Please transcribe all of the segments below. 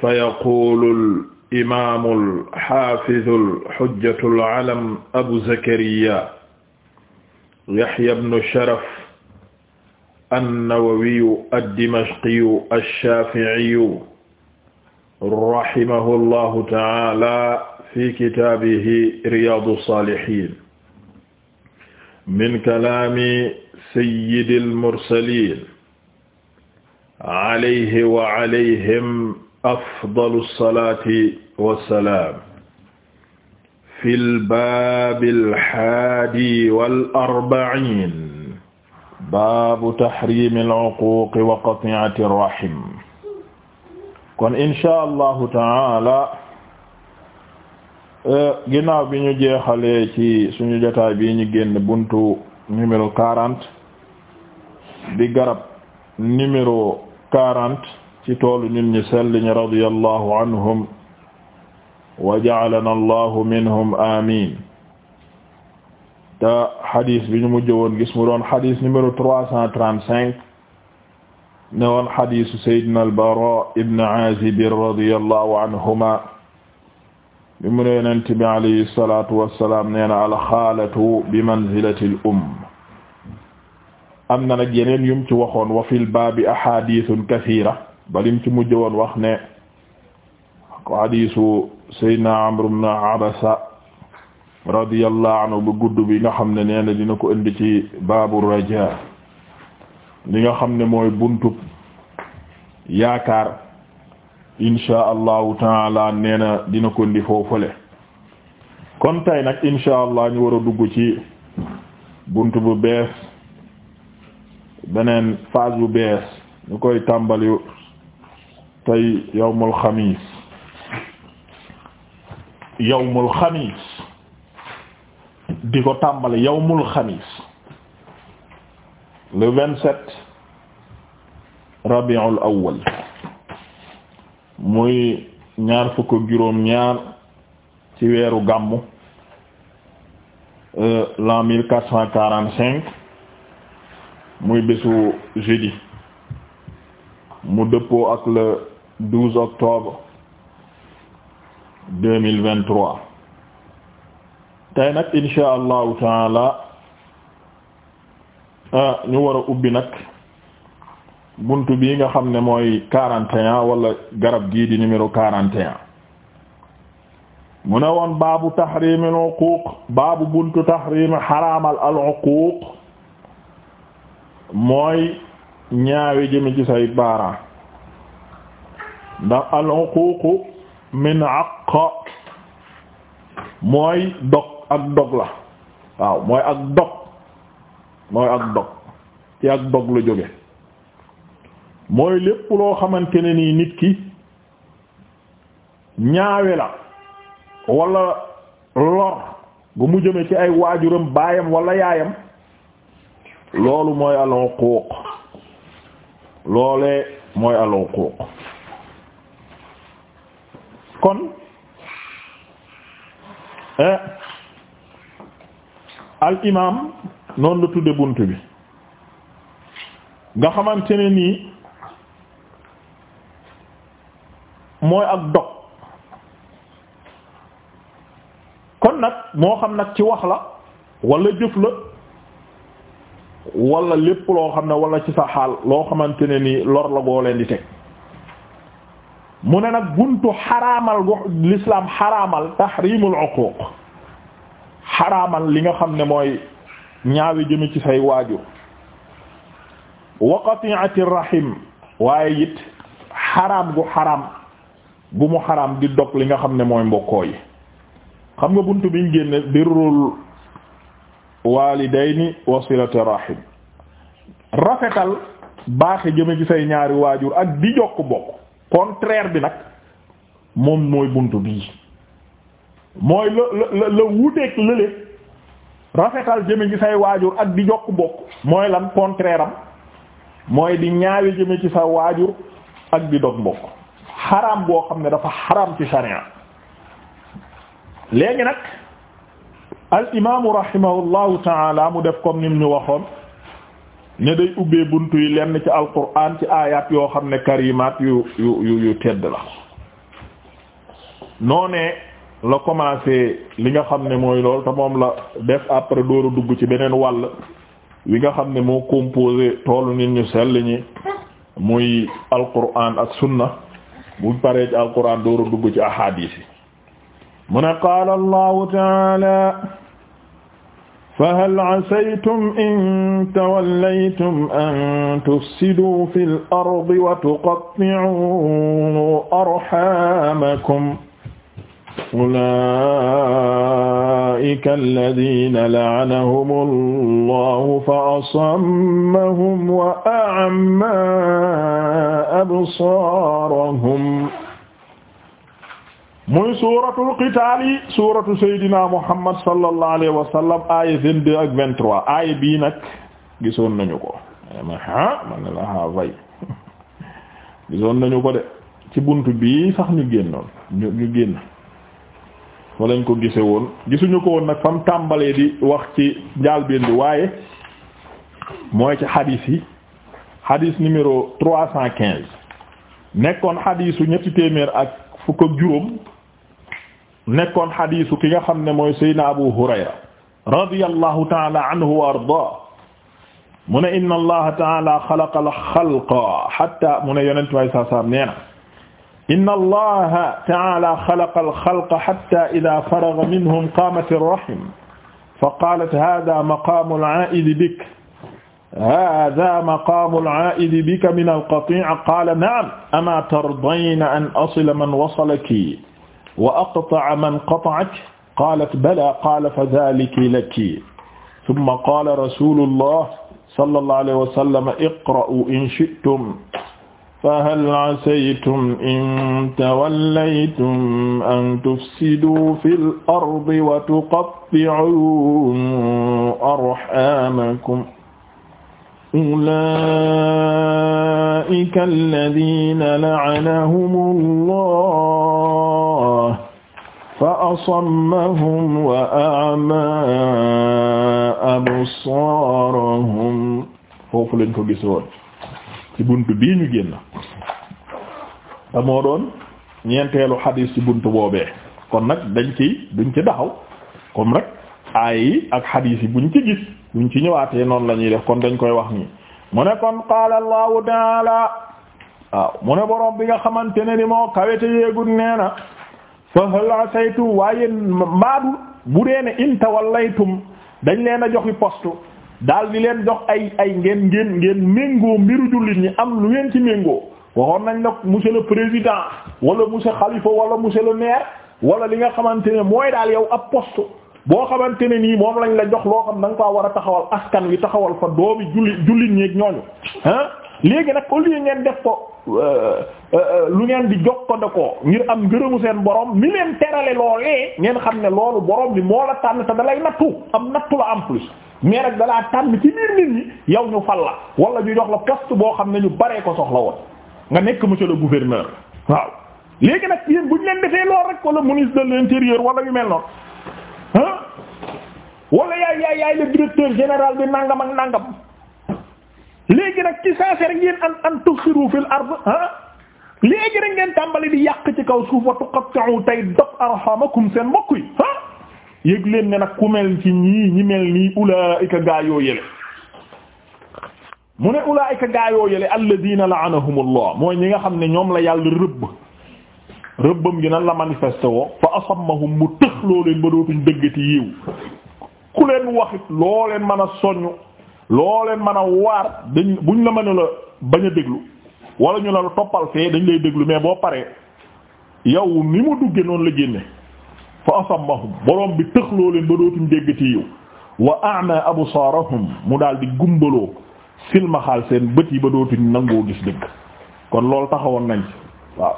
fa yaqulu alimamu alxafidu alxujjatu alalam abu zakariya yaxya bnu sharaf annawawiyu addimashqiyu alshafiiyu rahimahu allahu taala fi kitaabihi riyaadu saalihiin min kalaami sayyidil mursaliin alayhi wa alayhim afdalu salaati wa salaam fil baabil haadi wal arba'iin baabu tahriimil uquuqi wa qati'ati rahim kon inshaa allahu taala eh, ginnaaw bi ñu jeexalee ci suñu jotaay bi ñu génn buntu numéro quarante di garab numéro quarante ci toolu nit ñi sell ñi radiyallahu anhum wa ja'alana allahu minhum amin te xadis bi ñu mujj woon gis mu doon xadis numéro trois cent trente-cinq ne woon xadisu sayyidina al-Bara ibn Azib radiyallahu anhuma bi mu ne yonent bi alayhi salatu wassalaam nee na alxaalatu bi manzilati al umm am na nag yeneen yum ci waxoon wa fil baabi ahadithun kathira balim ci mujj woon wax ne ko hadisu saydna amru ibn abasa radiyallahu anhu bu gudd bi nga xam ne nee dina ko indi ci baabu raja li nga xam ne mooy buntub yaakaar insha allahu taala nee na dina ko indi foofale kon tay nag insha allah ñu war a dugg ci bunt bu bees beneen phase bu bees ñu koy tàmbali tey yawmul xamiis yawmul xamiis di ko tàmbali yawmul xamiis le vingt-sept rabiul awwal muy ñaar fukk ak ñaar ci weeru gàmmu euh, l'an mille quatre cent quarante-cinq muy bésu jeudi mu dëppoo ak le 12 octobre 2023 tey nag insha allahu taala ah, ñu war a ubbi nag bunt bi nga xam ne mooy 41 walla garab gii di numéro 41 mu ne woon baabu tahrim al uquuq baabu buntu tahrim xaraamal al uquuq mooy ñaawe jëme ci say baaraam ndax al mi min àq mooy dog ak dog la waaw mooy ak dog mooy ak dog ci ak dog la jóge mooy lépp loo xamante ne nii nit ki ñaawe la walla lor bu mu jëme ci ay waajuram baayam walla yaayam loolu mooy al uquuq loole mooy al uquuq kon eh, al imaam noonu la tudde bunt bi nga xamante ne nii mooy ak dog kon nag moo xam nag ci wax la wala jëf la walla lépp loo xam ne walla ci sa xaal loo xamante ne nii lor la goo leen di teg mu ne nag buntu xaraamal lislaam l'islam xaraamal tahrimul uquq xaraamal li nga xam ne mooy ñaawi jëme ci say waajur wa qati'ati rahim waaye it xaraam gu xaraam gu mu xaraam di dog li nga xam ne mooy mbokkooy xam nga buntu biñ génne birrul walidayni wasilati rahim rafetal baaxi jëme ci say ñaari waajur ak di jokk bokk contraire bi nag moom mooy buntu bii mooy la la la wuteeg lële rafetal jëme ci say waajur ak di jokk bokk mooy lan contraire mooy di ñaawe jëme ci sa waajur ak di dog bokk xaraam boo xam ne dafa xaram ci sharia léegi nag al imaamu rahimahullahu taala mu def comme nim ñu waxoon ne day ubbee buntu yi lenn ci alquran ci ayat yoo xam ne karimaat yu yu yu yu tedd la noonee la commencé li nga xam ne mooy lool te moom la def après dooru dugg ci beneen wàll wi nga xam ne moo composé toolu nit ñu sell ñi muy alquran ak sunna bu paree ci alquran dooru dugg ci ahadis yi mu ne qaala allahu fahal asaytum in tawallaytum an tufsiduu fil ardi wa tuqatti'uu arhamakum ulaa'ika allaziina la'anahumu llaahu fa asammahum wa a'maa absaarahum muy suuratul qitaal yi suuratu Seydina Muhammad sallallahu alayhi wa sallam aaya 22 ak 23 aaya bii nag gisoon nañu ko eh, ma man ne la ah way gisoon nañu ko de ci buntu bii sax ñu génnoon ñu ñu génn fa lañ ko gise woon gisuñu ko woon nag fam tàmbalee di wax ci njàlbéen bi waaye mooy ci xadiis yi xadiis numéro 315 nekkoon xadiisu ñetti téeméer ak fukk ak juróom. nekkoon xadiisu ki nga xam ne mooy Seydina Abu Hurayra radiyallahu ta'ala anhu wa ardaa mu ne inna allaha ta'ala xalaqa al-xalqa hatta mu ne yonent way saa saam nee na inna allaha ta'ala xalaqa al-xalqa hatta idha faragha minhum qamat ar-rahim fa qalat hadha maqamu al-'a'idi bik hadha maqamu al-'a'idi bika min al-qati' qala na'am ama tardayna an asila man wasalaki wa aqta'a man qata'ak qaalat bala qaala fa dhaaliki laki thumma qaala rasuulullah sallallahu alayhi wa sallam iqra'uu in shi'tum fahal 'asaytum in tawallaytum an tufsiduu fil ardi wa tuqatti'uu arhaamakum ulaa'ika allaziina la'anahumu allah fa asammahum wa a'ma absaarahum foofu lañ ko gis ci bunt bii ñu génn te moo doon ñeenteelu xadiis ci bunt boobee kon nag dañ ci duñ ci daxaw comme rek aay yi ak xadiis yi buñ ci gis buñ ci ñëwaatee noonu lañuy ñuy def kon dañ koy wax nii mu ne kon qaala allahu taala mu ne boroom bi nga xamante ne ni moo kawete yéegul nee na fa hal asaytum waaye mbaadu bu dee ne in tawallaytum dañ leen a joxi postu daal di leen jox ay ay ngeen ngeen ngeen méngoo mbiru jullit ñi am lu ngeen ci méngoo waxoon nañ la monsieur le président wala monsieur xalifa wala monsieur le maire wala li nga xamante ne mooy daal yow ab postu boo xamante ne nii moom lañ la jox loo xam da ko koo war a taxawal askan wi taxawal fa doomi julli jullit ñeeg ñooñu ah léegi nag au lieu ngeen def ko lu ngeen di jokkandekoo ngir am ngërëmu seen borom mi leen terale loolee ngeen xam ne loolu borom bi moo la tànn te dalay nattu am nattu la en plus mais nag dalaa tànn ci biir nit ñi yow ñu fal la wala ñu jox la poste boo xam ne ñu baree ko soxla woon nga nekk monsieur le gouverneur waaw léegi nag yéen bu ñu leen defee lool rek wala ministre de l'intérieur wala yu mel noonu ah wala yaay yaay yaay le directeur général bi nangam ak nangam léegi nag ci saa si an an tusiru fil ard ah léegi rek ngeen tàmbali di yàq ci kaw suuf wa tuqatta'u tey arhamakum seen mbokk yi ah leen ne nag ku mel ci ñii ñi mel nii ulaa'ika gaa yoo yële mu ne ulaa'ika gaa yoo yële alladhiina la'anahumullah mooy ñi nga xam ne ñoom la yàlla rëbb rëbbam gi nan la manifesté woo fa asammahum mu tëx loo ba dootuñ dëggati yiw ku leen waxit loo leen mën a soññ loo leen mën a waar dañ buñ la ma a la bañ a déglu wala ñu la la toppal fee dañ lay déglu mais boo paree yow ni mu dugge noonu la génne fa asammahum borom bi tëxloo leen ba dootuñ dégg ci yow wa a'ma absaarahum mu daal di gumbaloo silmaxaal seen bët yi ba dootuñ nangoo gis dëgg kon loolu taxawoon nañ ci waaw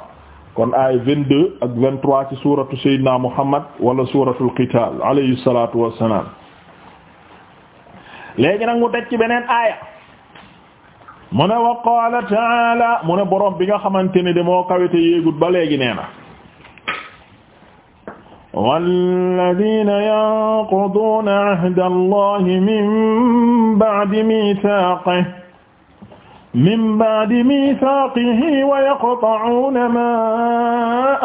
kon ay 22 ak 23 ci suuratu Seydina Muhammad wala suuratul Qitaal alayhi salaatu wassalaam léegi nag mu teg ci beneen aaya mu ne wa qaala taala mu ne borom bi nga xamante ne de moo kawite yéegut ba léegi nee na walladina yanquduuna ahda allahi min ba'di mithaaqihi min ba'di mithaaqihi wa yaqta'uuna ma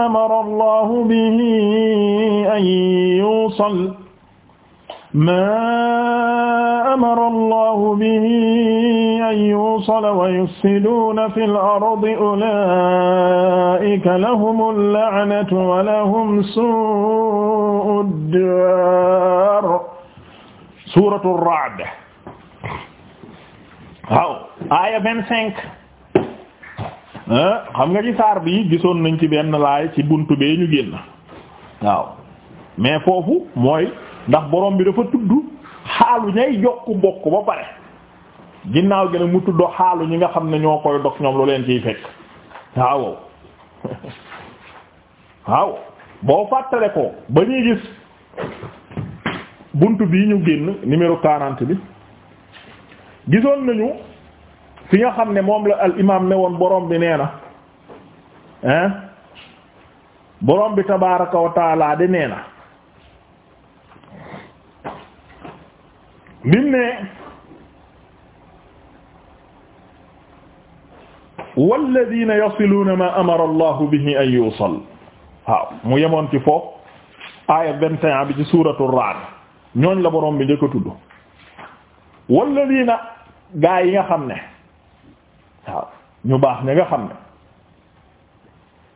amara allahu bihi an yuusal maa amara allahu bihi an yuusala wa yufsiduuna fil ardi ulaa'ika lahumul la'natu wa lahum suu'ud daar suuratu ra'd waaw aaya vingt-cinq xam nga ci saar bi gisoon nañ ci benn laay ci buntu bee ñu génn waaw mais foofu mooy ndax borom bi dafa tudd xaalu ñay yokk bokk ba pare ginnaaw gi nag mu tudd xaalu ñi nga xam ne ñoo koy dog ñoom lu leen ciy fekk waaw waaw boo fàttale ko ba ñuy gis bunt bi ñu génn numéro quarante bi gisoon nañu fi nga xam ne moom la al imaam ne woon borom bi nee na hein borom bi tabaaraka nee na bim ne walladina yasiluuna ma amara allahu bihi an yusal waaw mu yemoon ci foofu aaya vingt et un bi ci suuratu Ra'd ñooñ la borom bi njëkk a tudd walladina gaa yi nga xam ne waaw ñu baax ña nga xam ne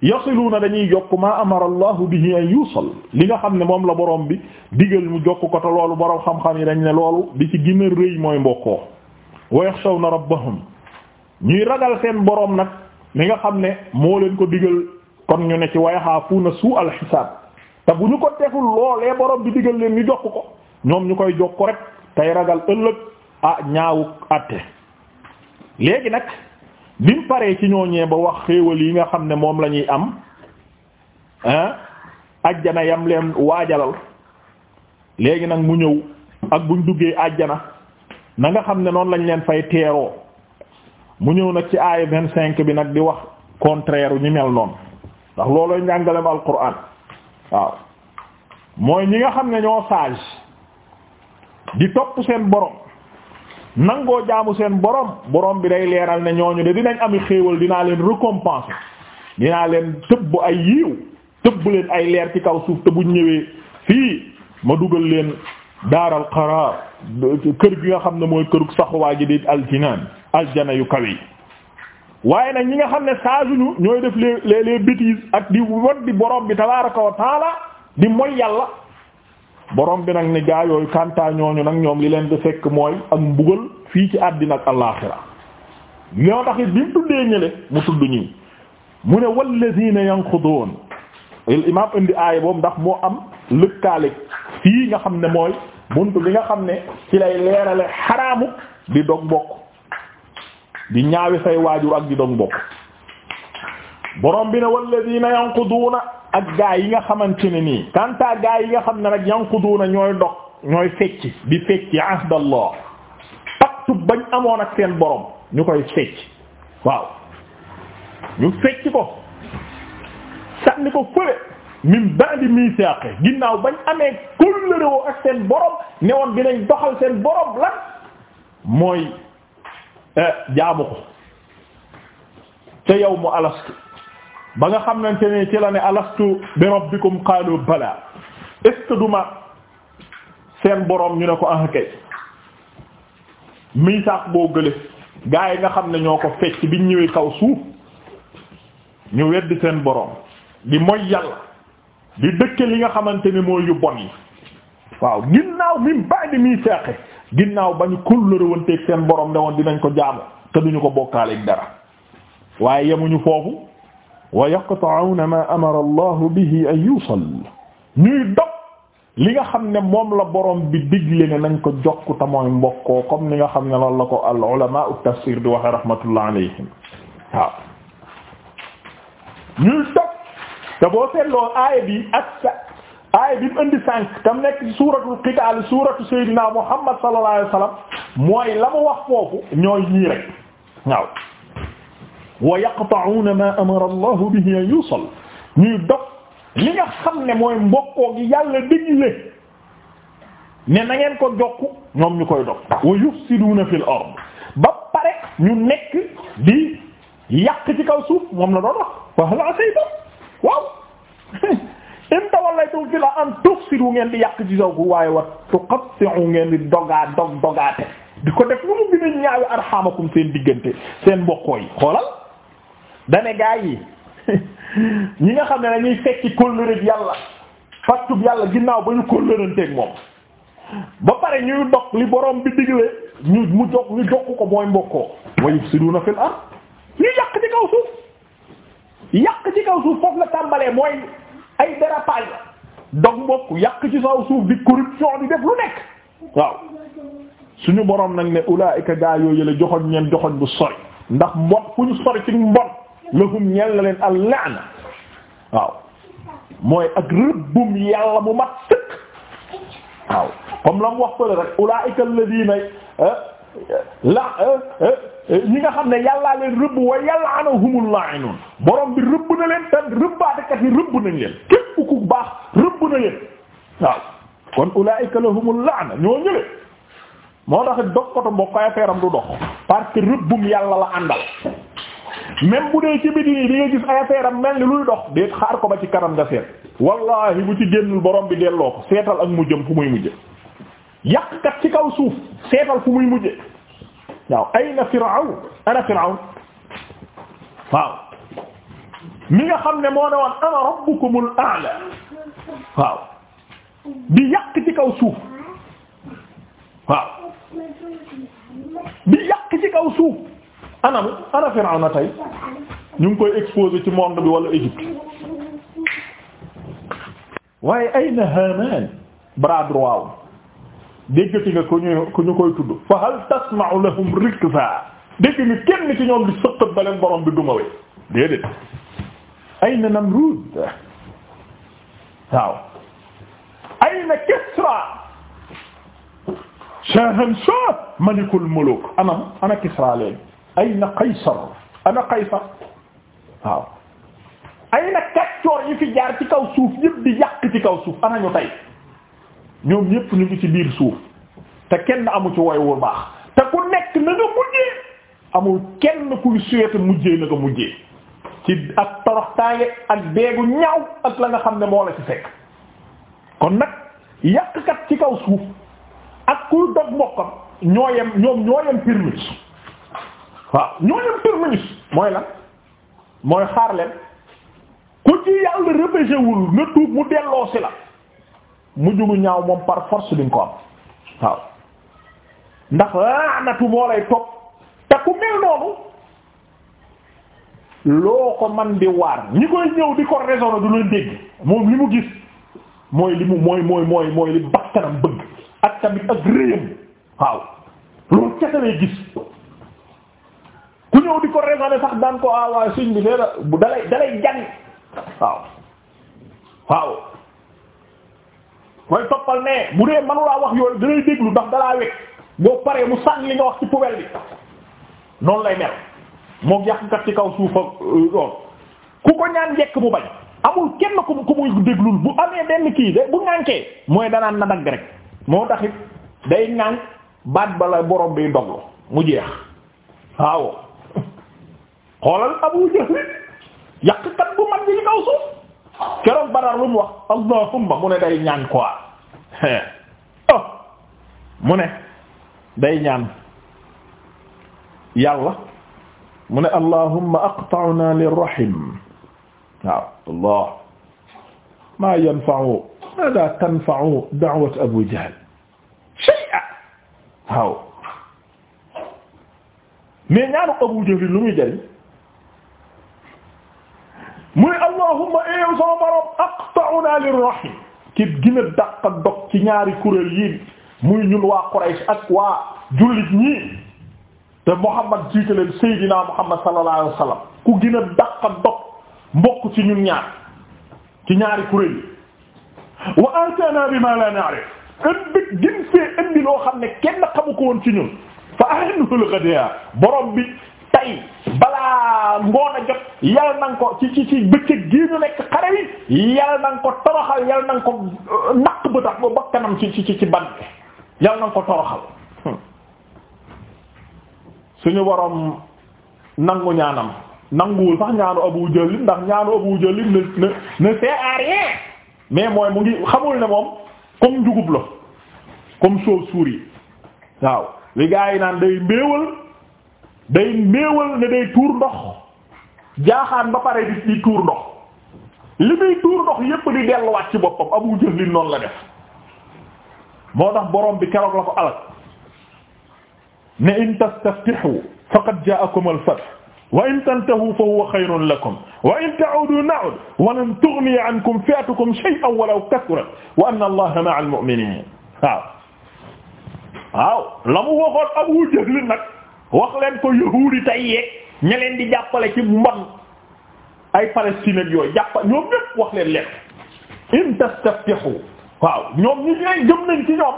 na dañuy jokk ma amara allahu bihi an yusal li nga xam ne moom la borom bi digal mu jokk ko te loolu borom xam-xam yi dañ ne loolu bi ci gën a rëy mooy mbokkoo wa yaxshawna rabbahum ñuy ragal seen borom nag li nga xam ne moo leen ko digal kon ñu ne ci wa na suu xisaab te bu ñu ko deful loolee borom bi digal leen ñu jokk ko ñoom ñu koy jokk rek tey ragal ëllëg ah ñaawu àtte léegi nag. bi mu paree ci ñooñee ba wax xéewal yi nga xam ne moom la ñuy am ah ajjana yam leen waajalal léegi nag mu ñëw ak buñ duggee ajjana na nga xam ne noonu lañ leen fay teeroo mu ñëw nag ci aaya vingt cinq bi nag di wax contraire ñu mel noonu ndax loolooy njàngalem alquran waaw mooy ñi nga xam ne ñoo sage di topp seen borom nangoo jaamu seen boroom boroom bi day leeral ne ñooñu de dinañ ami xéewal dinaa leen récompenser dinaa leen tëbb ay yiiw tëbb leen ay leer ci kaw suuf te buñ ñëwee fii ma dugal leen daaral qaraar kër gi nga xam ne mooy kërug saxuwaa ji di aljinaan aljana yu kawe yi waaye nag ñi nga xam ne saajuñu ñooy def les les les bêtises ak di won di borom bi tabaaraka wa taala di moy yàlla borom bi nag ne gaa yooyu kanta ñooñu nag ñoom li leen di fekk mooy ak mbugal fii ci àddina ak alaaxira ñoo tax it bi mu tuddee ñële mu tudd ñii mu ne wallazina yanqudun il imaam indi aaya boobu ndax moo am lëkkaale fii nga xam ne mooy bunt li nga xam ne ci lay leerale xaraamu di dog mbokk di ñaawi say waajur ak di dog mbokk borom bi ne wallazina yanquduna ak gaa yi nga xamante ne nii kanta gaa yi nga xam ne nag na ñooy dox ñooy fecc di fecc ahdallah pacte bañ amoon ak seen borom ñu koy fecc waaw ñu fecc ko ni ko fële min ba'di mithaqi ginnaaw bañ amee kóllëre woo ak seen borom ne woon dinañ doxal seen borom lan mooy eh, jaamu ko ca yow mu alastu ba nga xamante ne ci la ne alastu bi rabbikum qaalu bala est-ce seen boroom ñu ne ko ah kay miisaak boo gële gaa yi nga xam ne ñoo ko fecc biñ ñëwee kaw suuf ñu weddi seen boroom di moy yàlla di dëkke li nga xamante ni mooy yu bon yi waaw ginnaaw min ba'di miisaaqi ginnaaw ba ñu kóllërewanteeg seen boroom ne woon dinañ ko jaamu te duñu ko bokkaaleeg dara waaye yemuñu foofu wa yaqta'una ma amara allahu bihi an yusal ñuy dog li nga xam ne moom la borom bi digle ne nañ ko jokku te mooy mbokkoo comme ni nga xam ne loolu la ko al ulama ut tafsir di waxe rahmatullah alayhim waaw ñuy dog te boo seetloo aaya bi ak sa aaya bi mu indi sànq tam nekk ci suuratul qitaal suuratu sayyidina muhammad sallallahu alayhi wasallam mooy la mu wax foofu ñooy ñii rek waaw woo wa yaqta'una ma amara allahu bihi an yusal ñuy dog li nga xam ne mooy mbokkoo gi yàlla dégle ne na ngeen ko jokk ñoom ñu koy dog wa yufsiduna fil ard ba pare ñu nekk di yàq ci kaw suuf moom la doon wax wa hal asaytum waaw in tawallaytum fil ard an tufsidu ngeen di yàq ci saw ku waaye wa tuqatti'u ngeen di dogaa dog dogaate di ko def lu mu gën a ñaawi arhamakum seen diggante seen mbokkoo yi xoolal dane gaa yi ñi nga xam ne dañuy fekki kóllëreek yàlla fattub yàlla ginnaaw ba ñu kóllëranteek moom ba pare ñuy dog li borom bi digle ñu mu jog ñu jokk ko mooy mbokkoo wa yufsiduna fil ard ñu yàq ci kaw suuf yàq ci kaw suuf foofu la tàmbalee mooy ay dérapage dog mbokk yàq ci kaw suuf di corruption di def lu nekk waaw suñu borom nag ne ulaa'ika gaa yooyu la joxoñ ñeen joxoñ bu sori ndax mbon fu ñu sori ci mbon lahum ñel na leen al-la'na waaw mooy ak rëbbum yàlla mu mag sëkk waaw comme la mu wax pële rek ulaa'ika alladhiina eh, la eh, eh, ñi nga xam ne yàllaa leen rëbb wa yal'anuhumul laa'inuun borom bi rëbb na leen te rëbbaatekat yi rëbb nañ leen képp ku baax rëbb na leen waaw kon ulaa'ika lahumul la'na ñoo ñële moo tax dog koto mbokk ay feeram du dox parce que rëbbum yàlla la àndal même bu dee ci biti nii di nga gis ay affaire mel ni luy dox déet xaar ko ba ci kanam nga seet wallahi bu ci génnul borom bi delloo ko seetal ak mujjëm fu muy ci kaw suuf seetal fu muy mujje waaw ayna firawn ana firawn waaw mi nga xam ne moo ne woon ana rabbukumul a'la waaw di yàq ci kaw suuf waaw kaw suuf anamu ana Firawna tey ñu ngi koy exposé ci monde bi wala Égypte waaye ayna Haamaan bras droit wu déggati nga ñu koy tudd fa hal tasma'u lahum rikza dégg nga kenn ñoom di sëqat baleen bi dumawe déedéet ayna Namruud waaw ayna Kisra Shahanshah malikul muluk ana Kisra leen ayna Qaysar ana Qaysar waaw ayna kaccoor yi fi jaar ci kaw suuf yëpp di yàq ci kaw suuf ana ñu tey ñoom ñëpp ñu ngi ci biir suuf te kenn amu ci woy wu baax te ku nekk na nga mujjee amul kenn kuy suyete mujjee na nga mujjee ci ak toroxtaange ak beegu ñaaw ak la nga xam ne moo la ci fekk kon nag yàqkat ci kaw suuf ak kuy dog mbokkam ñoo yem ñoom ñoo yem pirmit waaw ñoo yem terminus mooy lan mooy xaar ku ci yàlla repêché nga tuub mu delloo si la mu jugu ñaaw moom par force ko am waaw ndax laanatu moo lay topp te ku mel noonu loo ko man di waar ñi koy ñëw di ko raisonner du leen dégg moom li mu gis mooy li mu mooy mooy mooy mooy li bakkanam bëgg ak tamit ak réyam waaw loolu kese lay gis ku ñëw di ko raisonner sax daan ko ah, awa siñ bi feera bu dalay dalay jàng waaw waaw mooy toppal ne bu dee manulaa wax yooyu dalay déglu ndax dalaa wekk boo paree mu sànni li nga wax ci poubelle bi noonu lay mel moom yàqkat ci kaw suufa doon euh, ku ko ñaan njekk mu bañ amul kenn ku ku muy déglul bu amee benn kii de bu ŋànkee mooy danaan na dagg rek moo taxit day ŋànk baat bala borom bi doglu mu jeex waaw xoolal Abu Jahl yàqkat bu mag bi ci kaw suuf keroog Badar lu mu wax allahumma mu ne day ñaan quoi oh mu ne day ñaan yàlla mu ne allahumma aqta'na lirrahim waaw allah ma yanfa'u mada tanfa'u da'wat Abu Jahl shay'a waaw mais ñaanu Abu Jahl lu muy jëriñ muy allahumma eew eh sama borom aqta'una lirrahim ki gën a dàq dog ci ñaari kuréel yi muy ñun waa Quraysh ak waa jullit ñii te Muhammad jiite leen Seydina Muhammad sallallahu alayhi wa sallam ku gën a dàq dog mbokk ci ñun ñaar ci ñaari kuréel yi wa atana bima la na'rif ëndëg gën fee indi loo xam ne kenn xamu ko woon ci ñun fa ahinul ghadia borom bi tay balaa ngoon a jot yal na ko ci ci ci bëccëg gii ñu nekk xare wi yal na ko toroxal yal na nga ko euh, naq ba tax ba bakkanam ci ci ci ban yal na nga ko toroxal hmm. suñu boroom nangu ñaanam nanguwul sax ñaanu Abu Jahl ndax ñaanu Abu Jahl ne ne ne sert mais mooy mu ngi xamul ne moom comme njugub la comme chauve-souris waaw li gaa yi naan day mbéewal day néewal ne day tuur ndox jaaxaan ba pare di di tuur ndox li muy tuur ndox yépp di delluwaat ci boppam Abu Jahl li noonu la def moo tax borom bi keroog la ko alal ne in tastaftihu faqad ja'akum al-fath wa in tantahu fa huwa khayrun lakum wa in ta'udu na'ud wa lan tughni 'ankum fi'atukum shay'an walaw kathurat wa anna Allaha ma'a al-mu'minin waaw waaw la mu waxoon Abu Jahl nag wax leen ko yahuudi tay yeeg ña leen di jàppale ci mbon ay Palestine ak yooyu jàppa ñoom ñépp wax leen leen in tastaftihu waaw ñoom ñu ñooy jëm nañ ci ñoom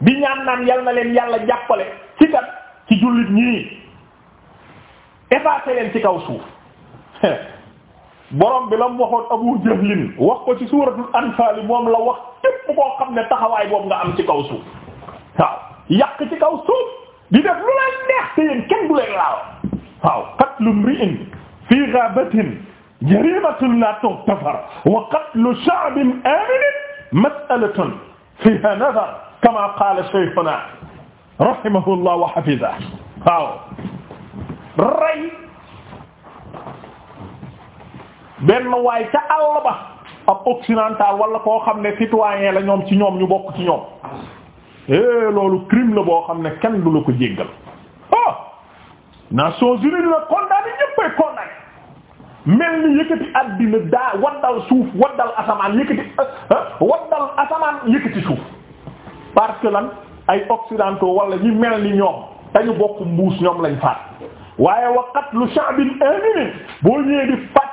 bi ñaan naan yal na leen yàlla jàppale ci kat ci jullit ñii effacé leen ci kaw suuf borom bi la mu waxoon Abu Jahlin wax ko ci suuratul Anfaal moom la wax képp koo xam ne taxawaay boobu nga am ci kaw suuf waaw yàq ci kaw suuf di def lu leen neex kenn du leen laal waaw qatlu mri'in fii ghabatin la tughfar wa qatlu sha'bin aminin mas'alatun fiha nazar kama qala shaykhuna rahimahullah wa hafizahu waaw rey benn waay ca ba ab occidental wala koo xam ne citoyen la ñoom ci ñoom ñu bokk ci ñoom Eh, loolu crime la boo xam ne kenn du la ko jéggal ah Nations Unies la condamné ñëppay condamné mel ni yëkkati àddina daa waddal suuf waddal asamaan yëkkati ah, ah, waddal asamaan yëkkati suuf parce que lan ay occidentaux wala ñi mel ni ñoom dañu bokk mbuus ñoom lañ faat waaye waqat lu sha'bin aminin boo ñëwee di faat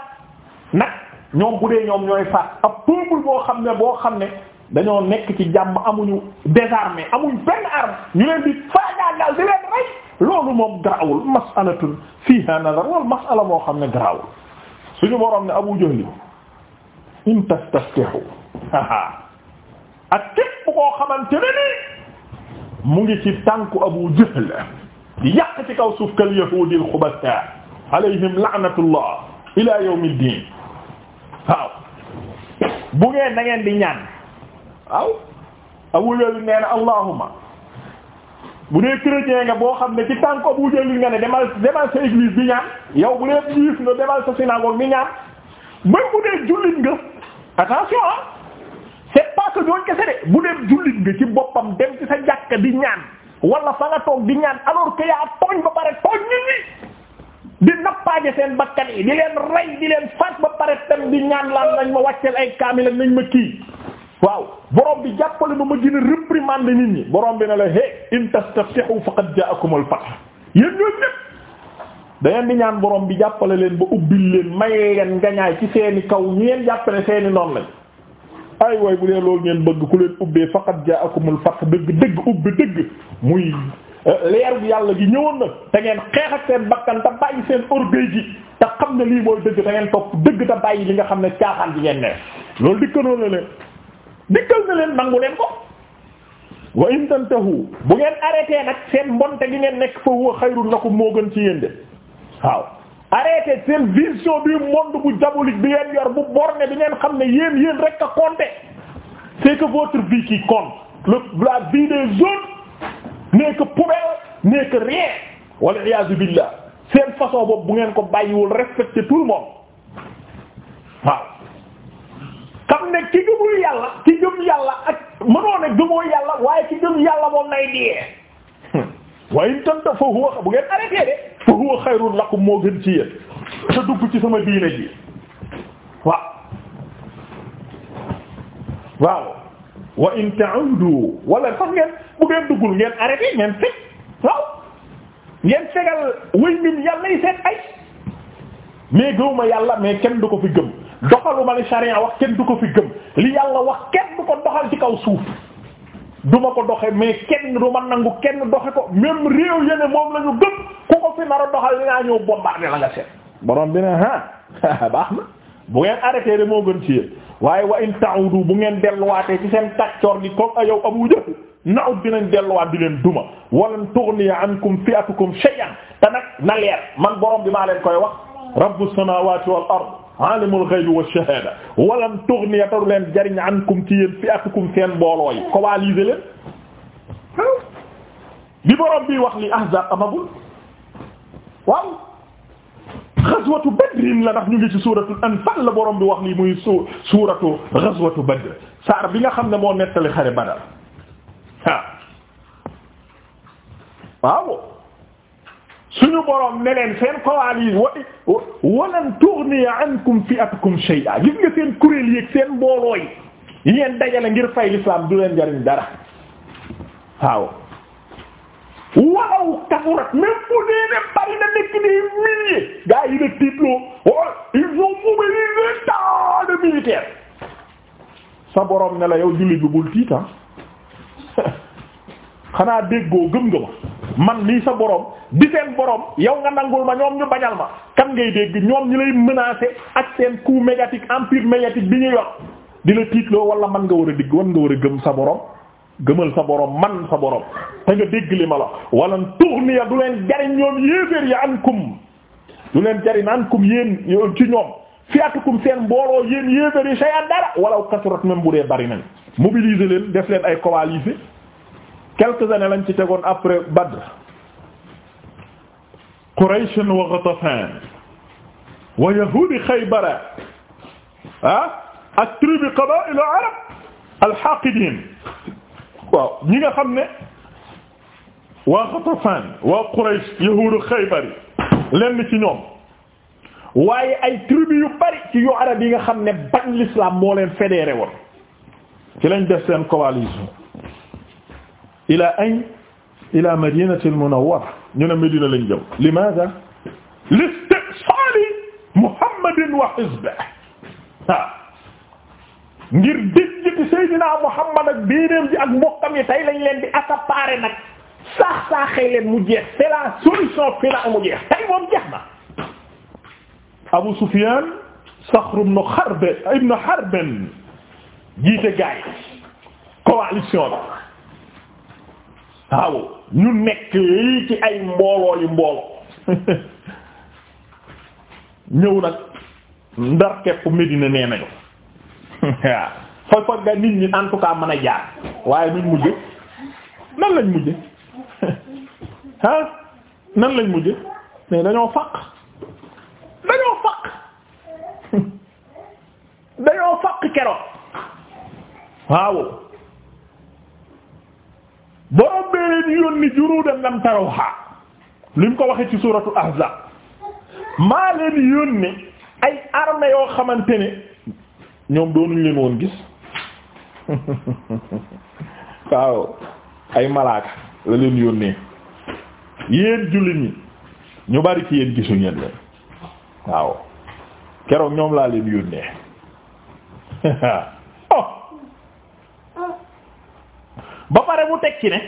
nag ñoom bu dee ñoom ñooy faat ab peuple boo xam ne boo xam ne dañoo nekk ci jàmm amuñu désarmé amuñ benn arme ñu leen di faagaagal di leen rey loolu moom garaawul mas'alatun fiha nazar wal mas'ala moo xam ne garaawul suñu borom ne Abu Jahl in tastaftihu ak képp koo xamante ne ni mu ngi ci tànku Abu Jahl di yàq ci kaw suuf kal yahuudi al xubasa alayhim la'natullah ila yawmi ddin bu ngeen na di ñaan waaw Abu Jahl nee na allahuma bu dee chrétien nga boo xam ne ci tànk Abu Jahl nga ne demal demal sa église bi ñaan yow bu dee juif nga demal sa synagogue bi ñaan même bu dee jullit nga attention ah c'est pas que doon kese de bu dee jullit nga ci boppam dem ci sa jàkka di ñaan wala fa nga toog di ñaan alors que yaa tooñ ba pare tooñ nit ñi di nappaaje seen bakkan yi di leen rey di leen faat ba pare tam di ñaan laan nañ ma wàcceel ay kaamil nañ ma kii waaw borom bi jàppale ba ma gën a réprimander nit ñi borom bi ne la he in tastaftihu faqad ja'akumul fath yéen ñooñu ñëpp da ngeen di ñaan borom bi jàppale leen ba ubbil leen mayee leen ngañaay ci seeni kaw ñu ngeen jàppale seeni noonu lañ ay way bu dee loolu ngeen bëgg ku leen ubbee faqad ja'akumul fath dëgg dëgg ubbi dëgg muy euh, leer bi yàlla gi ñëwoon na te ngeen xeex ak seen bakkan te bàyyi seen orgueil gi te xam ne lii mooy dëgg da ngeen topp dëgg te bàyyi li nga xam ne caaxaan bi ngeen ne loolu dikkanoon dikkal na leen nangu leen ko wa in tantahu bu ngeen arrêté nag seen mbonte gi ngeen nekk fa huwa na ko moo gën ci yéen waaw arrêté seen vision du monde bu diabolique bi ngeen yor bu borné bi ngeen xam ne yéen yéen rek a compter c'est que votre vie qui compte le la vie des autres n'est que poubelle n'est que rien wala iyaazu billah seen façon boobu bu ngeen ko wul respecter tout le monde waaw ne ki gëmul yàlla ki gëm yàlla ak mënoo ne gëmoo yàlla waaye ki gëm yàlla moom nay diyee waaye moo gën ci yéen te dugg ci sama diine ji waaw waaw wa in ta'udu wala sax ngeen bu ngeen duggul ngeen arrêté ngeen fekk waaw ngeen fegal wëy min yàlla yi seen ay mais gëwuma yàlla mais kenn du ko fi gëm doxaluma li sharia wax kenn du ko fi gëm li yàlla wax kenn du ko doxal ci kaw suuf duma ko doxe mais kenn du ma nangu kenn doxe ko même réew yene moom la ñu gëm ku ko fi nar a doxal li naa ñëw bombardé la nga seet borom bi ne ah baax na bu ngeen arrêté de moo gën ci yéen waaye wa in ta'udu bu ngeen delluwaatee ci seen tàccoor gi comme yow Abu Jahl na'ud dinañ delluwaat di leen duma walan tughni ankum fi'atukum shay'an te nag na leer man borom bi maa leen koy wax rabbus samawati wal ard alimul ghaybi wa shahada walam tughni taru leen jariñ ankum ci yéen fi atukum seen mbooloo yi coalisé leen bi borom wax li ahzab amagul waaw ghazwatu badrin la ndax ñu ngi ci suratul la borom bi wax li muy su suratu ghazwatu badr saar bi nga xam ne moo nettali xare badar waaw suñu borom ne seen coalition wa walan tughniya ankum fi'atukum shay'a gis nga seen kuréel yi ak seen mbooloo yi yi dajale ngir fay l'islam du leen jariñ dara waaw waaw kafurat même bu dee ne bari na nekk nii milliers gars yi ne tiitloo oh ils ont mobilisé tant de militaires sa borom ne yow jullit bi bul tiit ah. xanaa déggoo gëm nga man mii sa borom di seen borom yow nga nangul ma ñoom ñu bañal ma kan ngay dégg ñoom ñi lay menacer ak seen coup médiatique empire médiatique bi ñu yor di la tiitloo wala man nga war a dégg wan nga war a gëm sa borom gëmal sa borom man sa borom te nga dégg li ma la wala tughniya du leen jariñ ñoom yéeféer ya ankum du leen jariñ ankum yéen yoon ci ñoom fiatukum seen mbooloo yéen yéeféer yi shay'an dara wala kasrat même bu bari nañ mobiliser def leen ay coalition quelques années lañ ci tegoon après Badr Quraysh wa Ghatafan wa yahuudi Xaybara ah ak tribu qabaa'il al-arab al-haaqidiin waaw ñi nga xam ne waa Ghatafan waa Quraysh yahuudu ci ñoom waaye ay tribu yu bari ci yu arab yi nga xam ne bañ l'islam moo leen fédéré woon ci lañ def seen coalition ila Medina lañ jëm limaada li-isti'saali Muhammadin wa hizbihi ngir dijjati Seydina Muhammad ak diineem ji ak mbokkam yi tey leen di accaparer nag saax saaxee leen mu jeex c'est la solution finale mu jeex tey moom jeex na Abu Sufyan Saxr ibn Harb ibn Harb coalition waaw ñu nekk yi ci ay mbooloo mbooloo ñëw nag ndar kepp Medina nee nañu waaw fa nga nit ñi en tout cas mën a jaar waaye nuñ mujje nan lañ mujje ah nan lañ mujje mais dañoo faq dañoo faq dañoo faq keroog waaw borom bee leen yónni junuudan lam tarawhaa li ko waxee ci suuratu ahzaab maa leen yónnee ay armée yoo xamante ne ñoom doonuñ leen woon gis waaw ay malaaka la leen yónnee yéen jullit ñi ñu bari ci yéen gisuñ leen leen waaw keroog ñoom laa leen yónnee ba pare mu teg ci ne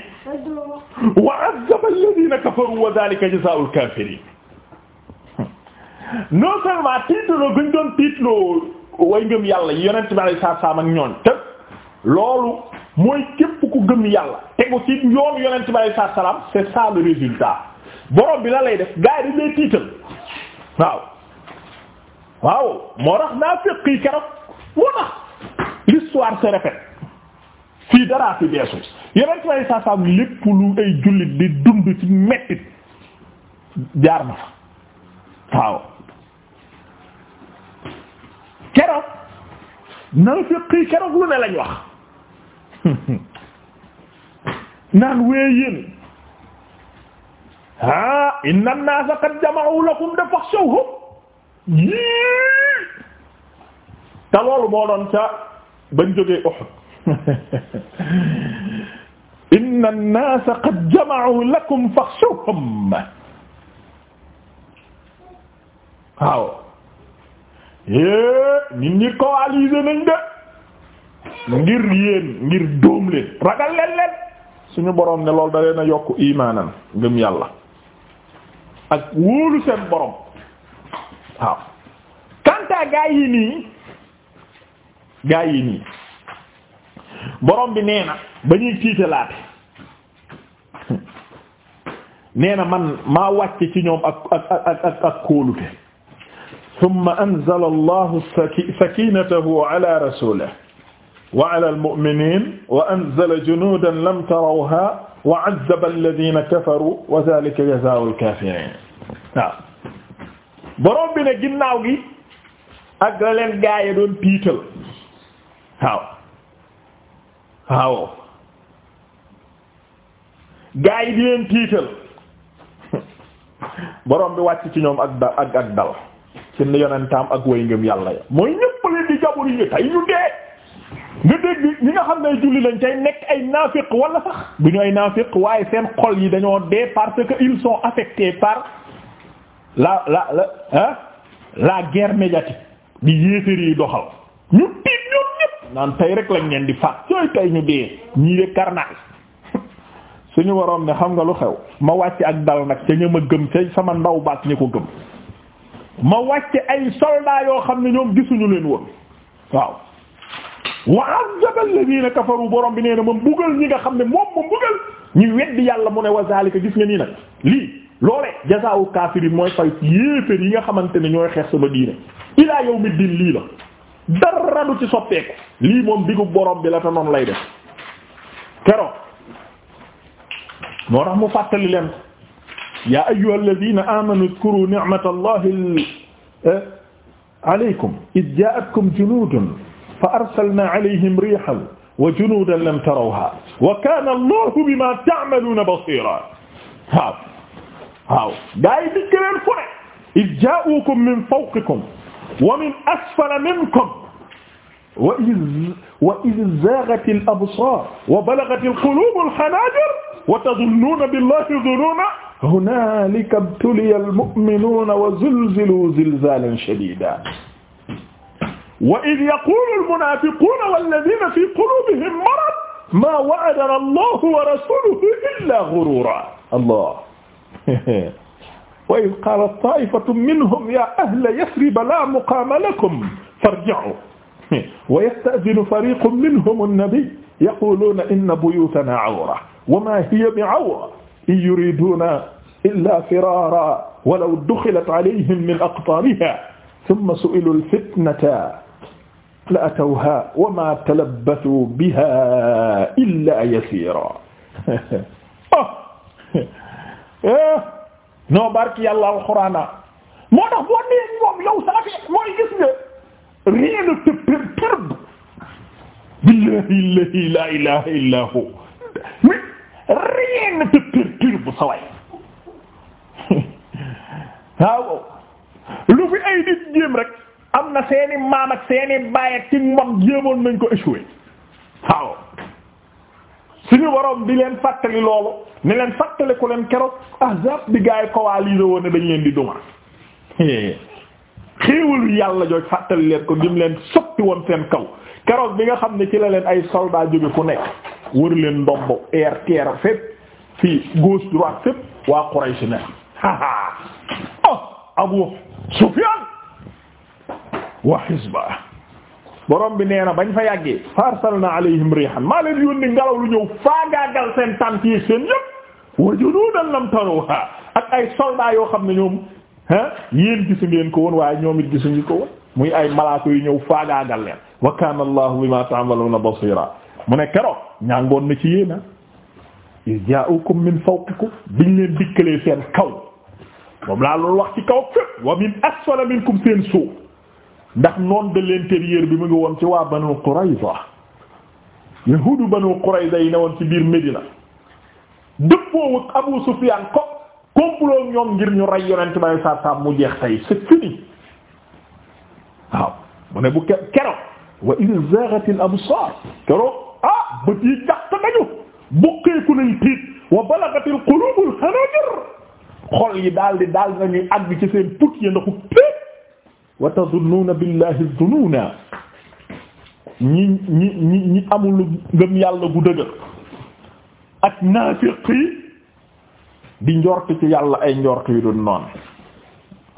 wa azzaba alladhina kafaru wa dhalika jazaa'ul kafirin non seulement tiitloo guñ doon tiitloo way ngëm yàlla yonent bi alayhi salaam ak ñooñ te loolu mooy képp ku gëm yàlla tegu ci yoonu yonent bi alayhi salaam c'est ça résultat borom bi la lay def gars yi dañ lay tiital waaw waaw moo tax naa féqi keroog moo tax l'histoire se répète fii daraa fi beesu yeneen way saa saam lépp lu ay jullit di dund ci mettit jaar na fa waaw keroog naa féqii keroog lu ne lañ wax naan wee yéen ah inna an-naasa qad jama'u lakum da fakhshawhum yii te loolu moo doon ca bañ jógee Uhud inna an-naasa qad jama'u lakum fakhshawhum waaw yée eh, nit ñi coalisé nañ de ngir yéen ngir dóom leen ragal leen leen suñu boroom ne lool da leen a yokk imaanan ngëm yàlla ak wóolu seen boroom waaw kanta gaa yi nii gaa borom bi nee na ba ñuy tiitalaate nee na man maa wàcce ci ñoom ak ak ak ak ak kóolute summa anzala allahu sakinatahu ala rasulihi wa ala almu'minin wa anzala junudan lam tarawha wa azzaba alladhina kafaru wa dhalika jazaa'u alkafirin waaw borom bi ne ginnaaw gi ak la leen gaaya doon tiital waaw waaw gaa yi di leen tiital borom bi wàcc ci ñoom ak da ak ak dal seen yonentaam ak way ngëm yàlla ya mooy ñëpp leen di jabur yi tey ñu dee nga dégg ñi nga xam ne julli lañ tey nekk ay naafiq wala sax du ñu ay naafiq waaye seen xol yi dañoo dee parce que ils sont affectés par la la la ah la guerre médiatique bi yéeféer yi doxal ñu tiit ñoom naan tey rek lañ leen di faat sooy tey ñu dee ñii de carnage suñu waroon ne xam nga lu xew ma wàcce ak dal nag ca ña ma gëm ca sama ndaw baak ñi ko gëm ma wàcce ay soldats yoo xam ne ñoom gisuñu leen woon waaw wa azaba alladhina kafaru borom bi nee na ma mbugal ñi nga xam ne moom ma mbugal ñu weddi yàlla mu ne wa zalika gis nga nii nag lii loolee jazaa'u kaafiriin mooy fay yéeféer yi nga xamante ne ñooy xeex sama diine ilaa yawmi diin lii la dara du ci soppeeku lii moom diggu borom bi la te noonu lay def keroog moo tax mu fàttali leen yaa ayyuhal ladina amanu udkuru ni'matallahi eh, alaykum id ja'atkum junudun fa arsalna alayhim rihan wa junudan lam tarawha wa kana allahu bima ta'maluna basira waaw waaw gaa yi dikk leen fu ne id ja'ukum min fawqikum wa min asfala minkum wa iz wa iz zaghati al-absar wa balaghati al-qulub al-hanajir wa tadhunnuna billahi dhununa hunalika ibtuliya al-mu'minuna wa zulzilu zilzalan shadida wa iz yaqulu al-munafiquna wal-ladhina fi qulubihim marad ma wa'adana Allahu wa rasuluhu illa ghurura Allah wa iz qaalat taa'ifatun minhum yaa ahla yasriba laa muqaama lakum farji'uu wa yasta'dinu fariiqun minhum an-nabiyya yaquluuna inna buyuutanaa 'awra wa maa hiya bi'awra in yuriiduuna illaa firaaraa wa law duxilat 'alayhim min aqtaarihaa thumma su'iluu al-fitnata la-atawhaa wa maa talabbasuu bihaa illaa yasiiraa ah! eh! non barki yàlla alxuraana ah. moo tax boo nee moom yow salafi mooy gis nga rien te perturbe billahi allahi la ilaha hu rien te perturbe sa waay lu fi ay nit jéem rek am na seeni maam ak seeni baay ak ci moom jéemoon nañ ko échoué waaw suñu woroom di leen fàttali loolu ne leen fàttali ku leen keroog ahzab bi gaay coalisé dañ leen di duma xéewalu yàlla jooj fàttali leen ko gim leen sotti woon seen kaw keroog bi nga xam ne ci la leen ay soldat jóge fu nekk wër leen ndomb air terre fépp fii gauche droite fépp waa Quraysh ne haha oh Abu Sufyan wa hizba borom bi nee na bañ fa yàggee farsalna alayhim rihan maa leen yónni ngelaw lu ñëw faagaagal seen tànt yi seen yëpp wa junuudan lam tarawha ak ay soldats yoo xam ne ñoom ah yéen gisu ngeen ko woon waaye ñoom it gisuñu ko woon muy ay malaaka yu ñëw faagaagal leen wa kana allahu bima ta'maluna basira mu ne keroog ñàngoon na ci yéena ja'ukum min fawqikum biñ leen dikkalee seen kaw moom laa loolu wax ci kaw fépp wa min asfala minkum seen suuf ndax noon de l'intérieur bi mu ngi woon ci waa Banu Qurayza yahudu Banu Qurayza yi ne woon ci biir Médina dëppoo ak Abu Sufyan ko complot ñoom ngir ñu rey yonent ba ay saab mu jeex tey c'est fini waaw mu ne bu keroog wa iz zaghatil absar keroog ah bët yi jàq nañu bukkeeku nañ tiit wa balagatil qulubul hanajir xol yi daal di daal nañuy àgg ci seen put ya ndaxu péet wa tadunnuuna billahi dunuuna ñi ñi ñi amul ngëm yàlla gu dëgër ak naafiq di njort ci yàlla ay njort yu dul noonu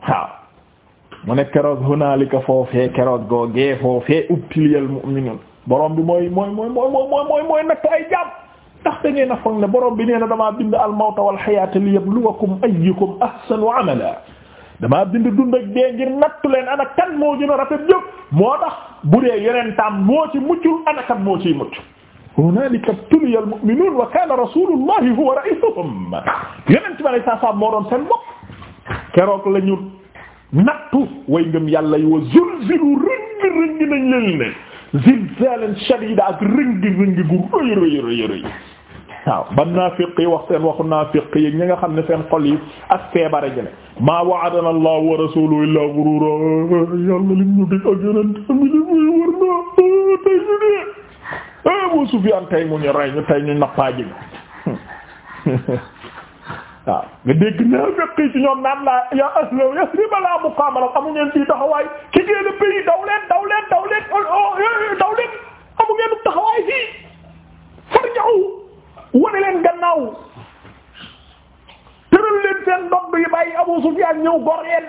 waaw mu ne keroog hunaalika foofee keroog googee foofee ubtiliyal mu'minuun borom bi mooy mooy mooy mooy mooy mooy mooy natt ay jàmm ndax da ngeen a foog ne borom bi nee damaa bind al mawta wal hayaata liyabluwakum ayyukum ahsanu amala damaa bind dund ak dee ngir nattu leen ana kan moo gën a rafet jëf moo tax bu dee yonentam moo ci muccul ana kan moo ciy mucc hunaalika btuliya al-mu'minuun wa kaana rasuulullahi huwa ra'iisuhum yonent bi alayhi moo doon seen bopp keroog la ñu nattu way ngëm yàlla yi wa zulzilu rëngi rëngi nañ leen ne zilzaalan shadiidan ak rëngi rëngi gu rëy rëy rëy waaw ba naafiq yi wax seen waxu naafiq yi ñi nga xam ne seen xol yi ak feebare ji ne maa wa'adana allahu wa rasuluhu illaa ghurura yàlla lim ñu dig ak yeneen tamit li muy war naa tey ñu dee ah eh, bu Sufyaan tey waaw nga dégg naa ci ñoom naan laa ya aslo yasriba la muqaama la amu ngeen fii taxawaay ci génn pays daw leen daw leen oh, eh, amu ngeen taxawaay fii farja'u wane leen gannaaw tëral leen seen ndodd yi bàyyi Abu Sufyaan ñëw gor leen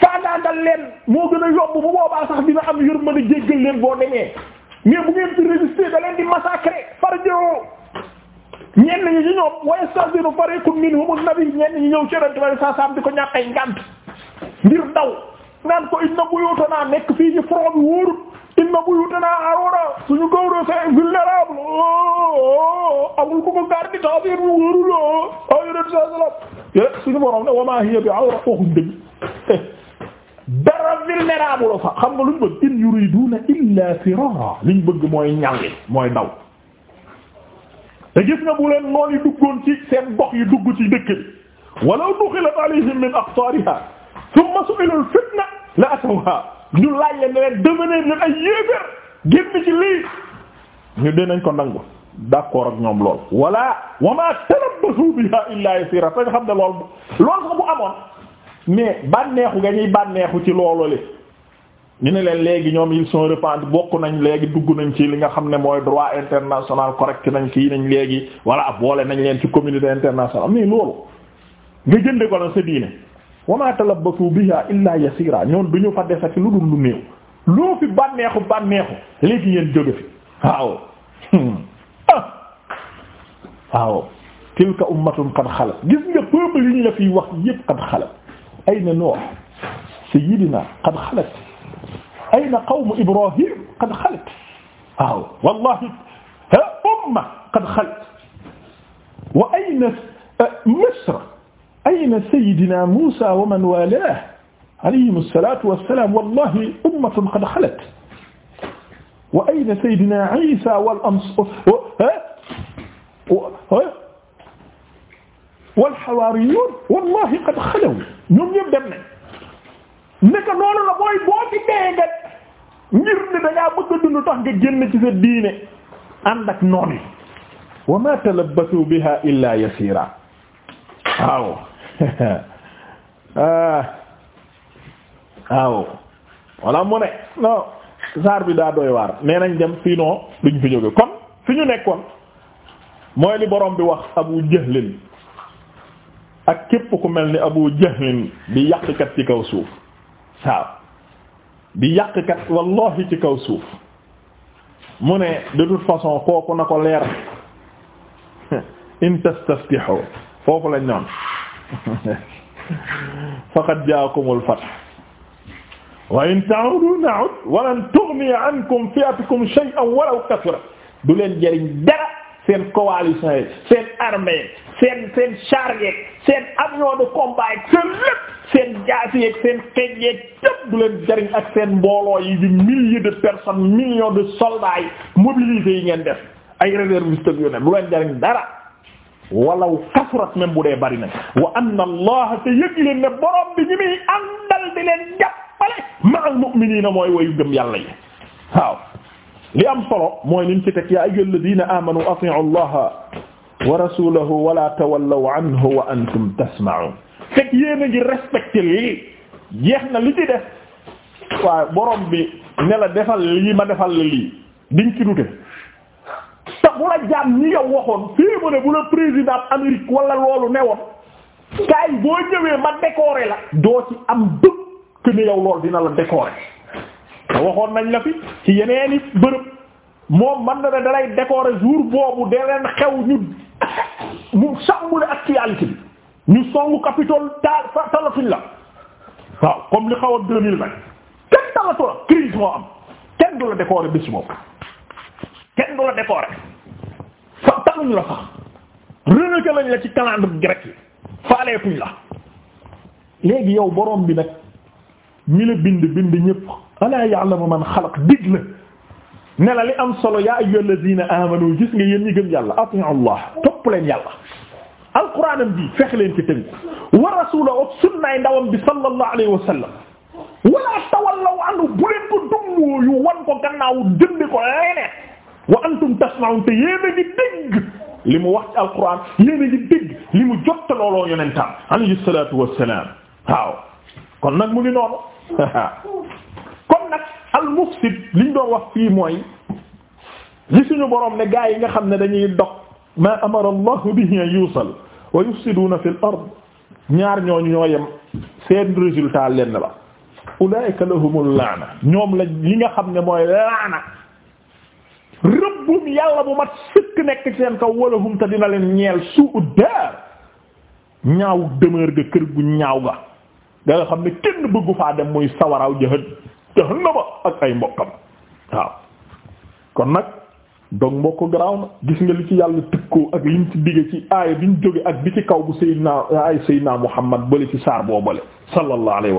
faagaandal leen moo gën a yomb bu boobaa sax dina am yërmande jéggal leen boo demee mais bu ngeen di résister da leen di massacrer far jëwoo ñenn ñi ñu ñoom wa yastaziru fariqun minhum an-nabi ñenn ñi ñëw cerante bari sa sam di ko ñàkkay ngànt ngir daw naan ko inna buyutana nekk fii ci front bi wóorut inna buyutana awra suñu gawra c'est vulnérable oh, amul ko ko garder ta affaire bi wóorul ah yonent saa salaam yé suñu borom ne wa maa hiya bi awra waxuñ dëgg dara vulnérable fa xam nga luñ bëgg in yuriduna illa firara liñ bëgg mooy ñalli mooy daw te gis nga bu leen noon yi duggoon ci seen gox yi dugg ci dëkk bi walaw duxilat alayhim min aqtariha thumma su'ilul fitna la atawha ñu laaj leen ne leen devenir ay yéegar génn ci lii ñu dinañ ko nangu d'accord ak ñoom lool wala wama talabbasu biha illa yasira tañ xam ne lool lool sax bu amoon mais bànneexu nga ñuy bànneexu ci loolole ñu ne leen léegi ñoom ils sont repentis bokk nañ léegi dugg nañ ci li nga xam ne mooy droit international correct nañ kii nañ léegi wala boole nañ leen ci communauté internationale mais loolu nga jënde ko la sa diine wa ma talabbasu biha illa yasira ñoom du ñu fa desati lu dul lu néew loo fi bànneexu bànneexu léegi ngeen jóge fi waaw ah. waaw tilka ummatun qad xalat gis nga peuple yi ñu la fiy wax yépp qad xalat ayna nuh sayyidina qad xalat ayna qawmu ibrahim qad xalat waaw wallahi ha umma qad xalat wa ayna eh, misr ayna sayyidina Muusaa wa man waalaahu alayhimu salaatu wa salaam wallaahi ummatun qad xalat wa ayna sayyidina Iisaa wal ansaar wal hawaariyyuun wallaahi qad xalaw ñoom ñëpp dem nañ naka noonu la mooy boo ci dee nga ngir ne da ngaa bëgg a dund tax nga génn ci sa diine ànd ak noonu yi wa maa talabbathuu bihaa illaa yasiiraa waaw Ah. waaw walla mu ne non saar bi daadooy doy waar nee nañ dem sinon duñ fi jóge kon fi ñu nekkoon mooy li borom bi wax abu jahlin ak képp ku mel ni abu jahlin di yàqkat ci kaw suuf waaw di yàqkat wallahi ci kaw suuf mu ne de toute façon kooku na ko leer in tastaftihu foofu lañ noon faqad jaakumul fath wa in ta'udu na'ud wa lan tughni ankum fi'atukum shay'an walaw kathura du leen jëriñ dara seen coalition yi seen armée seen seen char yeeg seen avion de combat yeeg seen lépp seen jaasi yeeg seen xeej yeeg yépp du leen jëriñ ak seen mbooloo yi di milliers de personnes millions de soldats yi mobilisés yi ngeen def ay réservistes yu ne du leen jëriñ dara walaw kasurat même bu dee bari na wa anna allah te yëg leen ne borom bi ñi muy àndal di leen jàppale ma'al mu'minina mooy woy gëm yàlla yi waaw li am solo mooy lim ci teg yaa ayyuhal ladina amanu ati'u allaha wa rasulahu wala tawallaw anhu wa antum tasma'un fekk yéen a ngi respecté lii jeex na li ci def waaw borom bi ne la defal lii ma defal la lii diñ ci dute te bu la jaam ñi yow waxoon fii mu ne bu la président Amérique wala loolu ne woon kaay boo ñëwee ma décorer la doo ci am dëkk que ne yow loolu dina la décorer te waxoon nañ la fi ci yeneeni bërëb moom man na ne dalay décorer jour boobu de xew ñu mu sàmbule actualité bi ñu songu Capitole taal fa la waaw comme li xawoon deux mille vingt kenn talatu la crise moo am kenn du la décorer bés boobu kenn du la décorer fa taluñu la sax relégué lañ la ci calendrier grec yi faaleetuñ la léegi yow borom bi nag mi la bind bind ñëpp alaa ya'lamu man xalaq dig la ne la li am solo ya ayyuhal lazina amanu gis nga yéen ñi gëm yàlla ati'u allah topp leen yàlla alquranam bi fex leen ci tënk wa rasula ak sunnaay ndawam bi sallallahu alayhi wa sallam wala tawallaw anhu bu leen ko dumm yu wan ko gannaaw wa antum tasma'un te li mu wax ci alquran yéen li mu jot looloo yonentam alayhi salatu kon nag mu ngi noonu kon nag al mufsid liñ doon wax fii mooy li suñu borom ne gaa yi nga xam ne dañuy dox ma amara allahu bihi an yusal wa yufsiduna fil ard ñaar ñooñu ñoo yem seen résultat lenn la ulaika nga xam ne mooy laana rëbbum yàlla bu mat sëkk nekk ci seen kaw walahum te dina leen ñeel suu daar ñaaw demeer ga kër gu ñaaw ga da nga xam ni kenn bëggu faa dem muy sawaraaw jahan jahannama ak ay mbokkam waaw kon nag dog mbokk garaaw na gis nga li ci yàlla tëkkoo ak lim ci digge ci aaya bi ñu jóge ak bi ci kaw bu sayyidina ay sayyidina muhammad bale ci saar boo bale sallallahu alayhi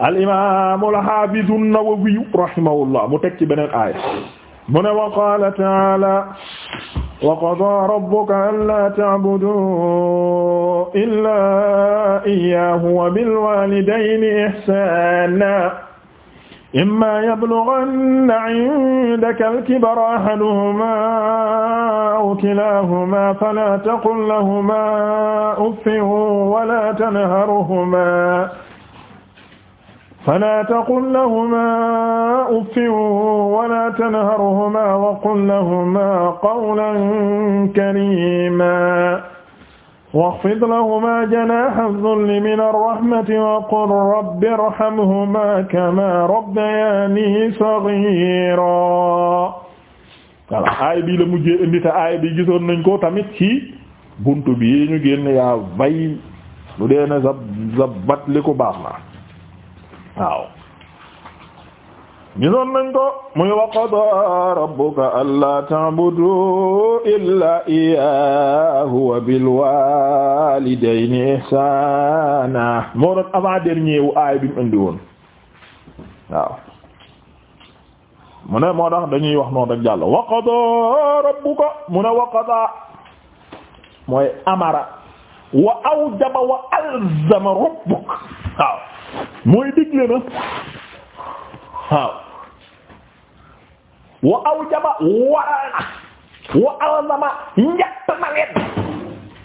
al imaam al haafiz an mu teg ci beneen aaya mu ne wa qaala ta'aala wa qadaa rabbuka allaa ta'buduu illaa iyyaahu wa bil waalidayni ihsaana immaa yablughanna 'indaka al-kibara ahaduhumaa aw kilaahumaa falaa taqul lahumaa uffin wa laa tanharhumaa فلا تقل لهما أف ولا تنهرهما وقل لهما قولا كريما واخفض لهما جناح الذل من الرحمة وقل رب ارحمهما كما ربياني صغيرا voilà aay bi la mujjee indi te aay bi gisoon nañ ko tamit ci buntu bi ñu génn yaa bay lu dee na zab zabat li ko baax na waaw gisoon nañ ko muy wa qadaa rabbuka allaa ta'budu illaa iyyaahu wa bil waalidayni ihsaana moo doon avant dernier wu aay bi mu indi woon waaw mu ne moo tax dañuy wax noonu rek jàll wa rabbuka mu ne wa qadaa amara wa awjaba wa alzama rabbuk mooy digle na waaw wa aw jaba waral na wa alzama njett na leen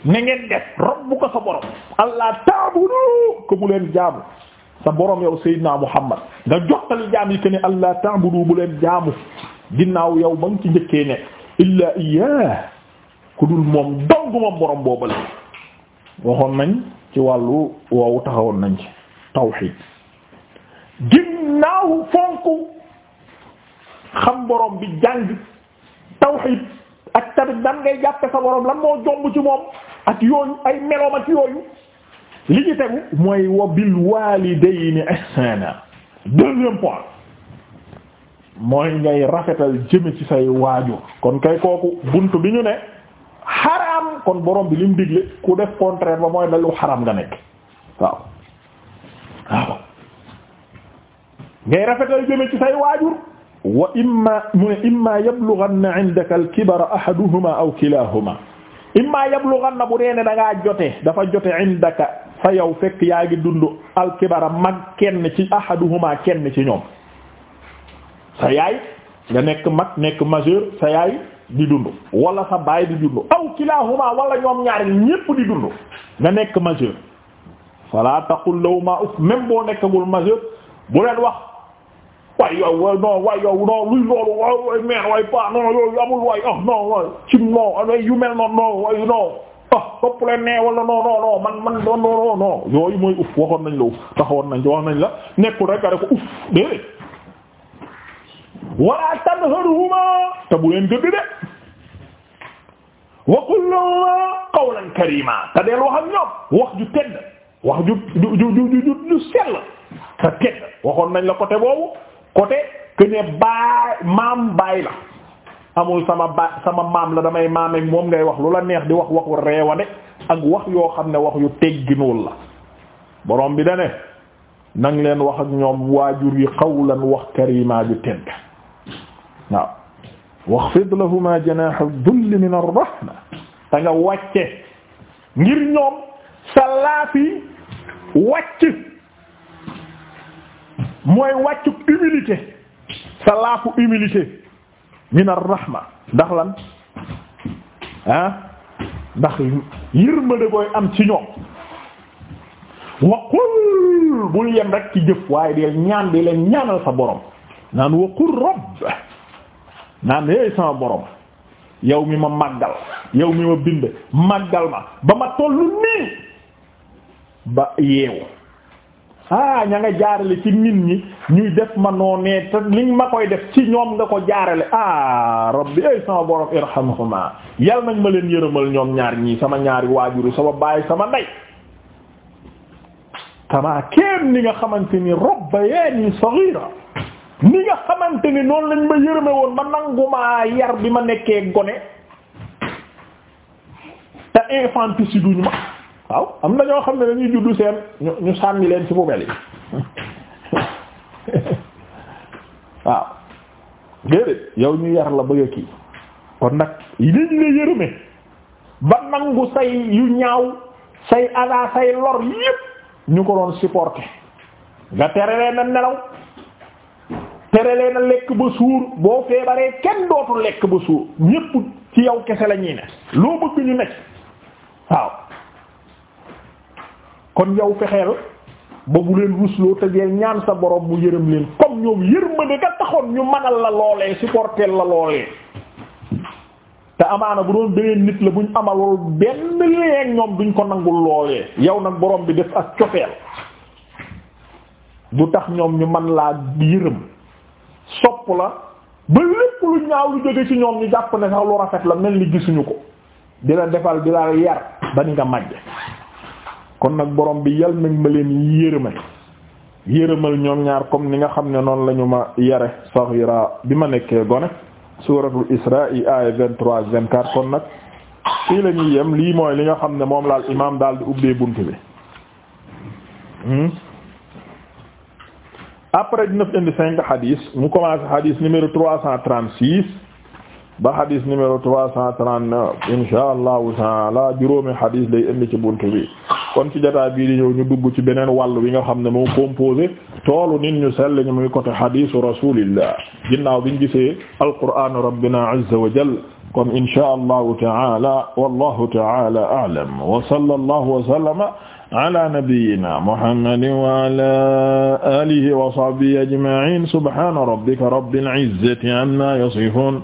ne ngeen def rabbu ko sa borom allah taabudu ko bu leen jaamu sa borom yow Seydina Muhammad nga jottali jaam yi que ne allah taabudu bu leen jaamu ginnaaw yow ba ci njëkkee ne illaa iyaa ku moom dong moom borom boobale waxoon nañ ci wàllu woowu taxawoon nañ ci tawxiid ginnaaw fonk xam borom bi jàng tawxiid ak tamit nan jàppe sa borom lan moo jomb ci moom ak yooyu ay meloom ak yooyu li ci tegu mooy wa bil walidayni ihsana deuxième point mooy ngay rafetal jëme ci say waajur kon kay kooku bunt bi ñu ne xaraam kon borom bi lim digle ku def contraire ba mooy dalu xaraam nga nekk waaw waaw ngay rafetal jëme ci say waajur wa imma mu ne imma yablughanna 'indaka al-kibara ahaduhuma aw kilahuma bu dee ne dangaa jote dafa jote 'indaka fa yow fekk yaa ngi dund al-kibara mag kenn ci ahaduhuma kenn ci ñoom sa yaay nga nekk mag nekk majeur sa yaay di dund wala sa baay di dund aw kilahuma wala ñoom ñaar ñépp di dund nga nekk majeur fala taqul lahuma uf même boo nekkagul majeur bu leen wax waay yow wa non waay yow non cim non ay ah, ah, yu mel noonu non waay non ah topp leen nee wala non non non man man non non non yooyu mooy uf waxoon nañ la uf taxawoon nañ nañ la nekkul rek a ko uf déedéet wala tanharhuma te bu leen gëdd de wa qul lahuma qawlan karima te deel wax ak wax ju tedd wax ju ju ju ju ju sell sa tedd waxoon nañ la côté boobu côté que ne baay maam baay la amul sama ba sama maam la damay maam ak moom ngay wax lu la neex di wax waxu reewa de ak wax yoo xam ne wax yu tegginuwul la borom bi da ne nang leen wax ak ñoom waajur yi qawlan wax karima ju tedd waaw waxfid lahuma janaha dulli min ar-rahma ta nga wàcce ngir ñoom sa laafi wàcc mooy wàccu humilité sa laafu humilité min ar-rahma ndax lan ah ndax yërmande koy am ci ñoom wa qul bul yem rek ci jëf waaye deel ñaan di leen ñaanal sa borom naan wa qul naan éy sama boroom yow mi ma màggal yow mi ma bind màggal ma ba ma tollu nii ba yeewu ah ña nga jaarale ci nit ñi ñuy def ma noonee te liñ ma koy def ci ñoom nga ko jaarale ah rabbi ay sama borom irhamhuma yal nañ ma leen yërëmal ñoom ñaar ñii sama ñaari waajuru sama baay sama ndey kamaa kenn ni nga xamante ni rabbayani saghira ni nga xamante ni noonu lañ ma yërëme woon ba nangumaa yar bi ma nekkee gone te si duñ ma waaw am na ñoo xam ne dañuy juddu seen ñu ñu sànni leen ci poubelle yi waaw déedéet yow ñu yar la bëgg a kii kon nag liñ la yërëme ba nangu say yu ñaaw say ada say lor yépp ñu ko doon supporter nga tere leen a nelaw tere leen a lekk ba suur boo feebaree kenn dootul lekk ba suur ñépp ci yow kese la ñuy ne loo bëgg ñu nekk waaw kon yow fexeel ba bu leen rusloo te deel ñaan sa borom mu yërëm leen comme ñoom yërmande nga taxoon ñu manal la loolee supporter la loolee te amaana bu doon beneen nit la buñ amalul benn leeg ñoom duñ ko nangul loolee yow nag boroom bi def ak cofeel du tax ñoom ñu man laa yërëm sopp la ba lépp lu ñaaw lu jóge ci ñoom ñu jàpp ne sax lu rafet la mel ni gisuñu ko di la defal di la yar ba ni nga majj kon nag borom bi yal nag ma leen yërëmal yërëmal ñoom ñaar comme ni nga xam ne noonu lañu ma yare saghira bi ma nekkee gone suuratul isra'i aaya vingt-trois vingt-quatre kon nag fii la ñuy yem lii mooy li nga xam ne moom laa imaam daal di ubbee bunt bi hmm? après dina fi indi cinq hadis mu commencé hadis numéro trois cent trente-six ba hadis numéro trois cent trente-neuf insha allahu taala juróomi hadis lay indi ci buntu bi kon ci jotaay bii di ñëw ñu dugg ci beneen wàll wi nga xam ne moo composé toolu nit ñu sell ñu muy côté hadisu rasulillah ginnaaw biñ gisee alquranu rabbina azza wa jal kon insha allahu taala wallahu taala a'lam wa sallallahu wa sallama ala nabiyyina muhammadin wa ala alihi wa sahbihi ajma'in subhana rabbika rabbil izzati amma yasifun